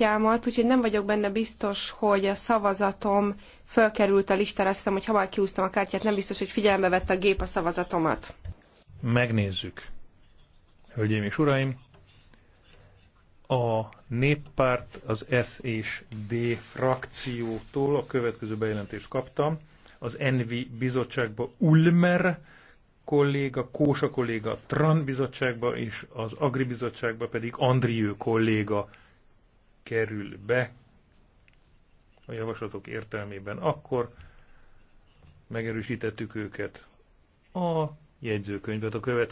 kártyámat, úgyhogy nem vagyok benne biztos, hogy a szavazatom fölkerült a listára. Azt hiszem, hogy hamar kiúztam a kártyát, nem biztos, hogy figyelembe vette a gép a szavazatomat. Megnézzük. Hölgyeim és uraim, a néppárt az S és D frakciótól a következő bejelentést kaptam. Az Envi bizottságba Ulmer kolléga, Kósa kolléga Tran bizottságba, és az Agri bizottságba pedig Andriő kolléga kerül be a javaslatok értelmében, akkor megerősítettük őket. A jegyzőkönyvet a következő.